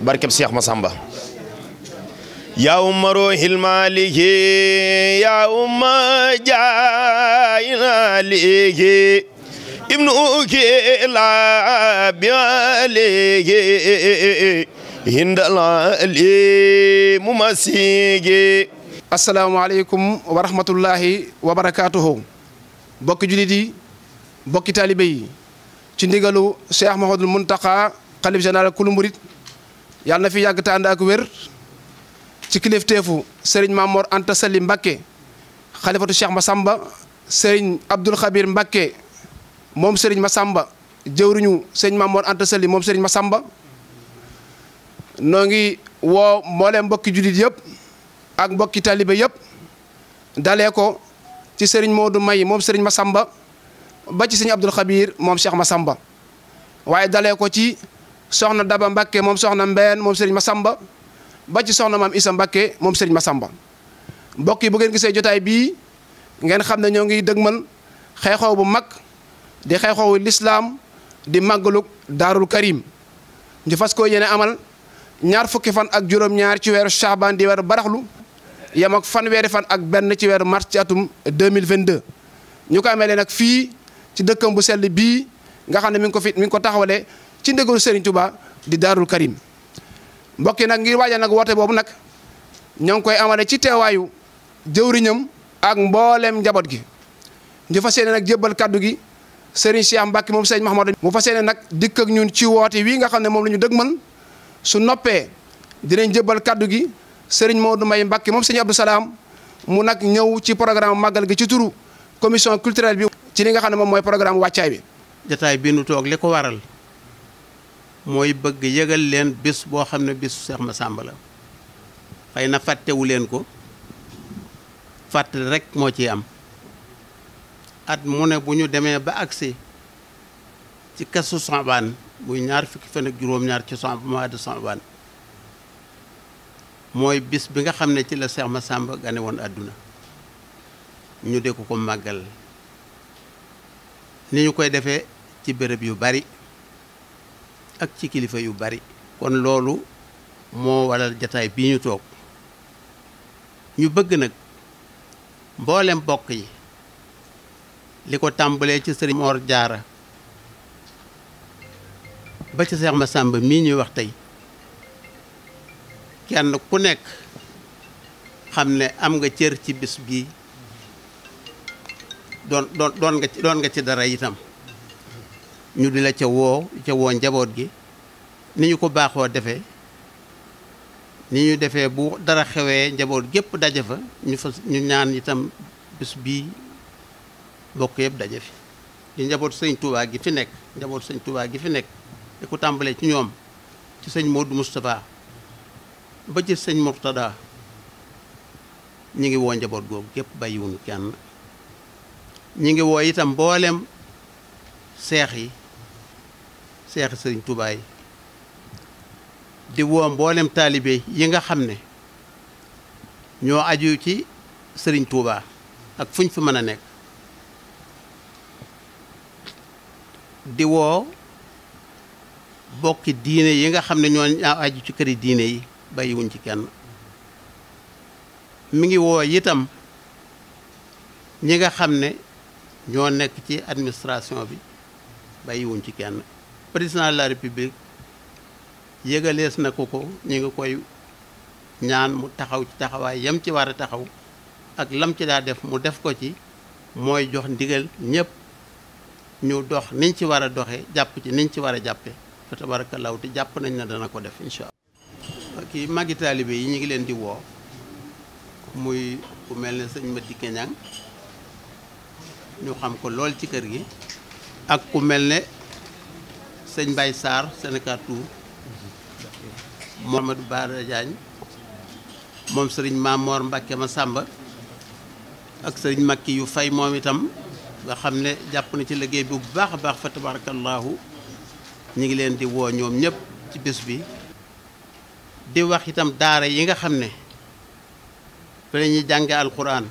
barkeb Cheikh Massamba yaa umma ruuhil maaliki yaa umma jaayina liiki ibnu uki laa bi maaliki hindala li mu masigi asalaamaaleykum wa rahmatullahi wa barakaatuhu bokki jullit yi bokki taalibe yi ci ndigalu Cheikh Mahamadul Muntaqa xalif général kulu murit yàlla na fi yàgg te ànd ak wér ci kilifteefu sëriñ Mamor Anta Sali Mbakke xalifatu Cheikh Massamba sëriñ Abdul Xabir Mbakke moom sëriñ sàmba jëwriñu sëriñ Mamor Anta Sali moom sëriñ Massamba noo ngi woo mbooleem mbokki jullit yëpp ak mbokki talibe yëpp dalee ko ci sëriñ Modou May moom ma sàmba ba ci sëriñ Abdul Xabir moom Cheikh Massamba waaye dalee ko ci. soxna Daba Mbakke moom soxna Mbeen moom Serigne Massamba ba ci soxna maam isa Mbakke moom Serigne Massamba mbokk yi bu ngeen gisee jotaay bii ngeen xam ne ñoo ngi dëgmal xeexoo bu mag di xeexoowu lislaam di màggalu daarul karim ñu fas koo yéene amal ñaar fukki fan ak juróom-ñaar ci weeru Chaabaan di weeru baraxlu yem ak fanweeri fan ak benn ci weeru mars ci atum 2022 ñu ko amee nag fii ci dëkkam bu sell bii nga xam ne mi ngi ko fi mi ngi ko taxawalee ci ndégalu Serigne Touba di Daarul Karim mbokk yi nag ngir waaja nag woote boobu nag ñoo ngi koy amale ci teewaayu jëwriñam ak mboolem njaboot gi ñu fas yéene nag jébbal kaddu gi Serigne Cheikh Mbacke moom Serigne Mahamadou mu fas yéene nag dikk ak ñun ci woote wii nga xam ne moom la ñu dëgmal su noppee dinañ jébbal kaddu gi moo Maodo may Mbacke moom Serigne Abdou Salaam mu nag ñëw ci programme màggal gi ci turu commission culturelle bi ci li nga xam ne moom mooy programme wàccaay bi jataay toog li ko waral mooy bëgg yëgal leen bis boo xam ne bisu Seex Masàmba la xëy na leen ko fàttali rek moo ciy am at mu bu ñu demee ba agsi ci kasu Saabaan muy ñaar mois de Saabaan mooy bis bi nga xam ne ci la Seex Masàmba gane woon àdduna ñu de ko ko màggal ni ñu koy defee ci bërëb yu bari ak ci kilifa yu bari kon loolu moo waral jataay bii ñu toog ñu bëgg nag mboolem bokk yi li ko tàmbalee ci sëriñ Mor Jaara ba ca Seex Masàmba mii ñuy wax tey kenn ku nekk xam ne am nga cër ci bis bii doon doon doon nga ci dara itam ñu di la ca woo ca woo njaboot gi ni ñu ko baaxoo defee ni ñu defee bu dara xewee njaboot gépp daje fa ñu fa ñu ñaan itam bés bii bokk yëpp daje fi di njaboot sëñ tubaa gi fi nekk njaboot sëñ tubaa gi fi nekk di ko tàmbalee ci ñoom ci sëñ Modou Moustapha ba ci sëñ Mourtada ñu ngi woo njaboot googu gépp bàyyiwuñu kenn ñu ngi woo itam mboolem seex yi seexi sëriñ Tuubaa yi di woo mboolem taalibe yi nga xam ne ñoo aju ci sëriñ Tuubaa ak fuñ fi mën a nekk di woo bokki diine yi nga xam ne ñoo aju ci këri diine yi bàyyiwuñ ci kenn mi ngi woo itam ñi nga xam ne ñoo nekk ci administration bi bàyyiwuñ ci kenn président de la république yëgalees na ko ko ñu ngi koy ñaan mu taxaw ci taxawaay yam ci war a taxaw ak lam ci daa def mu def ko ci mooy jox ndigal ñëpp ñu dox niñ ci war a doxee jàpp ci niñ ci war a jàppee fa tabarakallahu te jàpp nañ na dana ko def incha allah kii màggi taalibe yi ñu ngi leen di woo muy ku mel ne sëñ Madické Niang ñu xam ko lool ci kër gi ak ku mel ne sëñ Mbaye Sarr Sénégal Tour Mouhamadou Bara Diagne moom sëriñ Mamor ma sàmba ak sëriñ Makki yu fay moom itam nga xam ne jàpp na ci liggéey bi bu baax a baax fa tabarakallahu ñu ngi leen di woo ñoom ñëpp ci bés bi di wax itam daara yi nga xam ne fa la ñuy jànge alquran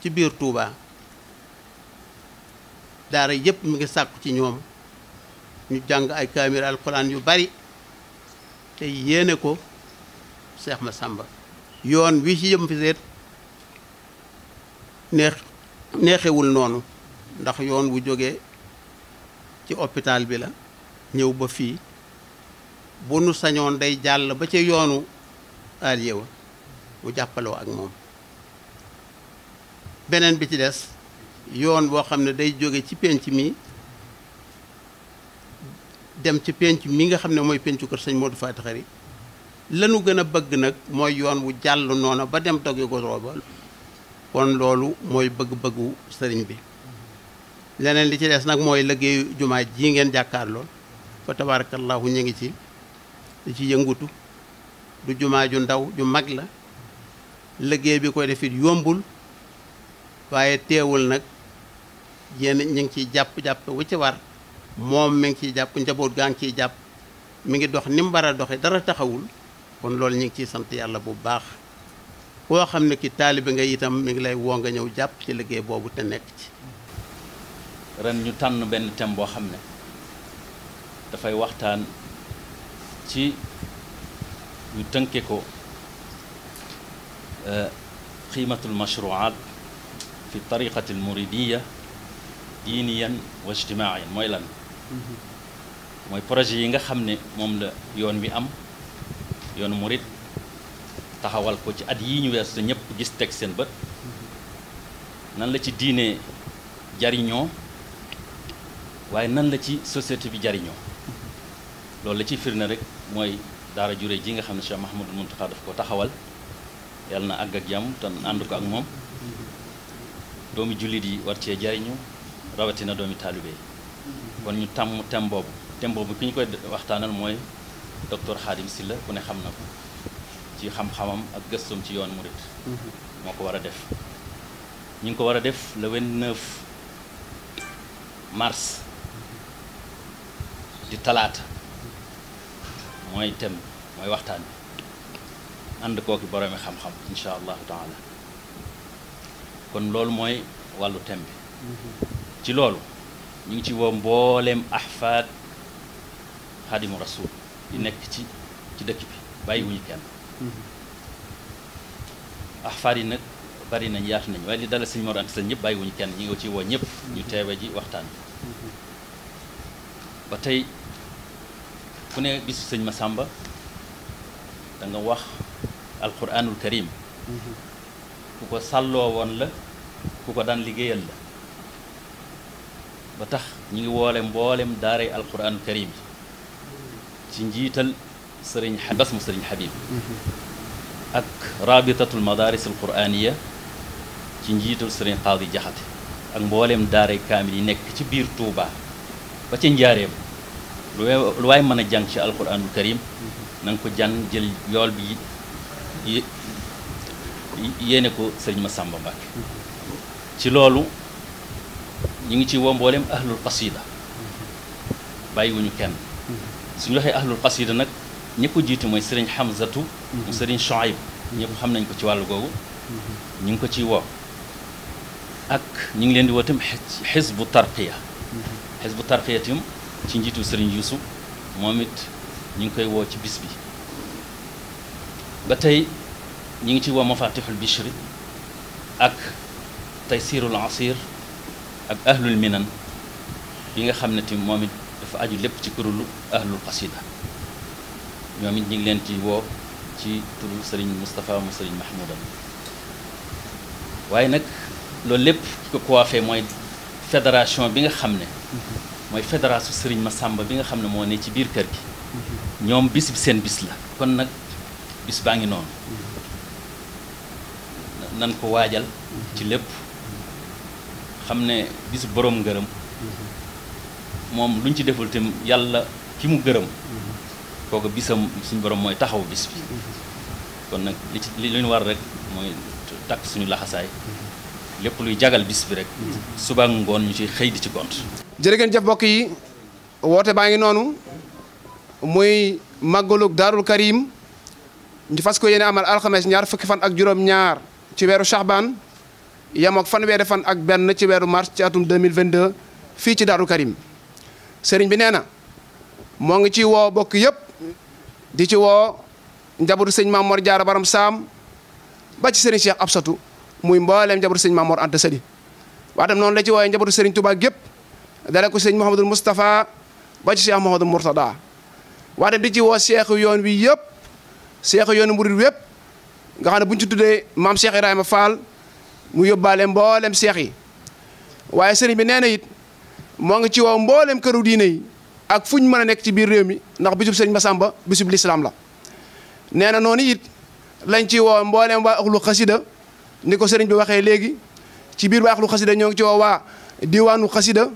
ci biir tuubaa daara yëpp mu ngi sàkku ci ñoom ñu jàng ay kaamir alquran yu bari te yéene ko Seex sàmba yoon wi ci yëm fi neex neexewul noonu ndax yoon wu jóge ci hôpital bi la ñëw ba fii bu nu sañoon day jàll ba ca yoonu aliewa bu jàppaloo ak moom beneen bi ci des yoon boo xam ne day jóge ci pénc mi dem ci penc mi nga xam ne mooy pencu kër sëñ Modou Faty Khary lanu gën a bëgg nag mooy yoon wu jàll noona ba dem dogge ko rooba kon loolu mooy bëgg-bëggu sëriñ bi leneen li ci des nag mooy liggéeyu jumaa ji ngeen jàkkaar lool fa tabarakallahu ñu ngi ci di ci yëngutu du jumaa ju ndaw ju mag la liggéey bi koy defit yombul waaye teewul nag yéen ñu ngi ciy jàpp-jàpp wu ci war moom mi ngi ciy jàpp njaboot gaa ngi ciy jàpp mi ngi dox ni mu war dara taxawul kon loolu ñu ngi ciy sant yàlla bu baax koo xam ne ki taalibe nga itam mi ngi lay woo nga ñëw jàpp ci liggéey boobu te nekk ci ren ñu tànn benn thème boo xam ne dafay waxtaan ci ñu tënke ko qiimatul euh, mashruuaat fi tariqati al muridiya diiniyan wa ijtimaayan mooy lan mooy projet yi nga xam ne moom la yoon wi am yoonu murit taxawal ko ci at yi ñu weesu ñëpp gis teg seen bët nan la ci diine jariñoo waaye nan la ci société bi jariñoo loolu la ciy firnde rek mooy daara jure ji nga xam ne Cheikh Mahamadul Muntaxa daf ko taxawal yàlla na àgg ak jàmm te ànd ko ak moom doomi jullit yi war cee jariñu rawatina doomi taalibe kon ñu tàmm thème boobu thème boobu ki ñu koy waxtaanal mooy docteur Khadim Sylla ku ne xam na ko ci xam-xamam ak gëstum ci yoon murit mm-hmm. moo ko war a def ñu ngi ko war a def le 29 mars di talaata mooy thème mooy waxtaan bi ànd kooki boroomi xam-xam incha allahu taala kon loolu mooy wàllu thème bi mm-hmm. ci loolu ñu ngi ci woo mbooleem ahfaad xaadimu rasul di nekk ci ci dëkk bi bàyyiwuñu kenn mm-hmm. ahfaad yi nag bari nañ yaatu nañ waaye li dala sëñ Mor Anta Sali ñëpp bàyyiwuñu kenn ñu ngi ci woo ñëpp ñu teewe ji waxtaan bi mm-hmm. ba tey ku ne bisu sëñ ma sàmba danga wax alquranul karim mm-hmm. ku ko sàlloo woon la ku ko daan liggéeyal la ba tax ñu ngi woole mboolem daaray alquran karim bi ci njiital sëriñ bas mu sëriñ Habib mm-hmm. ak rabitatul madaris alquraniya ci njiital sëriñ Xaadi Jaxate ak mboolem daaray kaamil yi nekk ci biir Touba ba ca njaareem lu waay mën a jàng ci alquranul karim mm-hmm. na ko jàng jël yool bi yéene ko sëriñ Masamba Mbàkke mm-hmm. ci loolu ñu ngi ci woo mboolem ahlul qasida bàyyiwuñu kenn suñu waxee ahlul qasida nag ñi ko mooy sëriñ Hamzatu mu sëriñ Shuayb ñëpp xam nañ ko ci wàllu googu ñu ngi ko ciy woo ak ñu ngi leen di woo tam xisbu tarqiya xisbu tarqiya tam ci njiitu sëriñ Yuusuf moom it ñu ngi koy woo ci bis bi ba tey ñu ngi ci woo mafatixul bichri ak taysirul asir ak ahlul minan yi nga xam ne ti moom it dafa aju lépp ci kuréelu ahlul xasida ñoom it ñu ngi leen ci woo ci turu sëriñ Moustapha mu sëriñ Mahmoudan waaye nag loolu lépp ki ko coiffé mooy fédération bi nga xam ne mooy fédération sëriñ ma Massamba bi nga xam ne moo ne ci biir kër gi ñoom bis bi seen bis la kon nag bis baa ngi noonu nan ko waajal ci lépp xam ne bisu borom ngërëm moom luñ ci deful tam yàlla ki mu gërëm kooku bisam suñ boroom mooy taxaw bis bi kon nag li ci li ñu war rek mooy takk suñu laxasaay lépp luy jagal bis bi rek suba ngoon ñu ci xëy di ci gont jërë ngeen jëf mbokk yi woote baa ngi noonu muy màggalug daarul karim ñu fas ko yéene amal alxames ñaar fukki fan ak juróom ñaar ci weeru Shahbaan yam fan fanweeri fan ak benn ci weeru mars ci atum 2022 fii ci Daaru Karim sëriñ bi nee na moo ngi ci woo bokk yëpp di ci woo njabootu sëñ Mamor Jaara Baram Saam ba ci sëriñ Cheikh Absatu muy mbooleem njabootu sëñ Mamor Anta Sali waaye tam noonu la ci wooyee njabootu sëriñ Touba gépp dale ko sëñ Mouhamadul Moustapha ba ci Cheikh Mouhamadul Mourtada waaye tam di ci woo Cheikh yoon wi yëpp Cheikh yoonu murid wépp nga xam ne bu ñu ci tuddee maam mu yóbbaale mboolem seex yi waaye sëriñ bi nee na it moo ngi ci woo mboolem këru diine yi ak fuñ mën a nekk ci biir réew mi ndax bisub sëriñ Massamba bisub lislaam la nee na noonu it lañ ci woo mboolem waa axlu xasida ni ko sëriñ bi waxee léegi ci biir waa axlu xasida ñoo ngi ci woo waa diwaanu xasida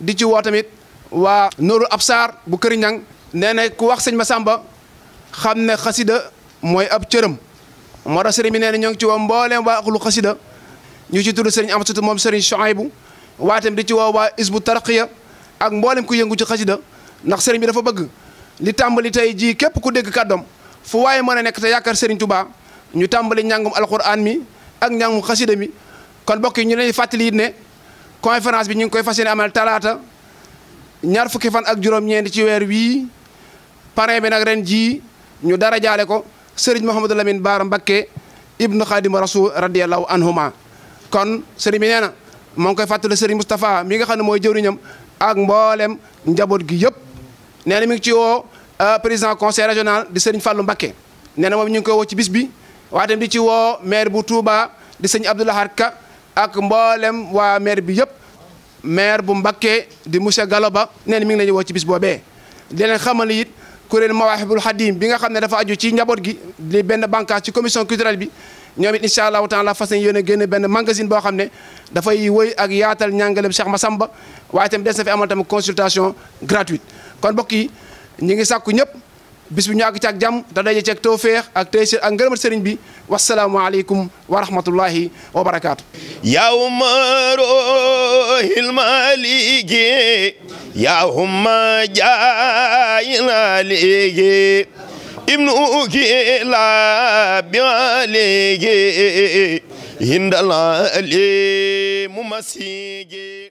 di ci woo tamit waa Nooru Absaar bu Kër Ñang nee na ku wax sëñ Massamba xam ne xasida mooy ab cëram moo tax sëriñ bi nee ñoo ngi ci woo mboolem waa axlu xasida ñu ci tudd Serigne Amsatu moom Serigne Chouaïbou bu tamit di ci woo waa Isbu Tarqiya ak mboolem ku yëngu ci xasida ndax Serigne bi dafa bëgg li tàmbali tey jii képp ku dégg kàddoom fu waaye mën a nekk te yaakaar Serigne Touba ñu tàmbali njàngum alquran mi ak njàngum xasida mi kon mbokk yi ñu leen fàttali ne conférence bi ñu ngi koy fas yéene amal talaata ñaar fukki fan ak juróom-ñeent ci weer wii parrain bi nag ren jii ñu dara jaale ko Serigne Mouhamadou Lamine Bara Mbacké ibnu Khadim Rasoul radiyallahu anhuma kon sëriñ bi nee na moo ngi koy fàttali sëriñ Moustapha mi nga xam ne mooy jëwriñam ak mboolem njaboot gi yëpp nee na mi ngi ci woo euh, président conseil régional di sëriñ fallu Mbacké nee na moom ñu ngi koy woo ci bis bi waaye tamit di ci woo maire bu Touba di sëñ Abdoulahar Ka ak mboolem waa maire bi yëpp maire bu Mbacké di monsieur Gallo Ba nee na mi ngi leen woo ci bis boobee di leen xamal it waa Mawahibul Khadim bi nga xam ne dafa aju ci njaboot gi di benn ci commission culturelle bi ñoom it incha allahu taala fas yéene génne benn magazine boo xam ne dafay wëy ak yaatal ñàngaleem Cheikh Massamba waaye tamit des na fi amal tamit consultation gratuite kon mbokk yi ñu ngi sàkku ñëpp bis bi ñu àgg ci ak jàmm te daje ceeg tawféex ak ak ngërëmat sëriñ bi wasalaamu aleykum wa rahmatullahi wa barakaatu. yaa umma rohil maliki yaa umma jaayina ligi ibnu ki la bi alege hindala ali mumasige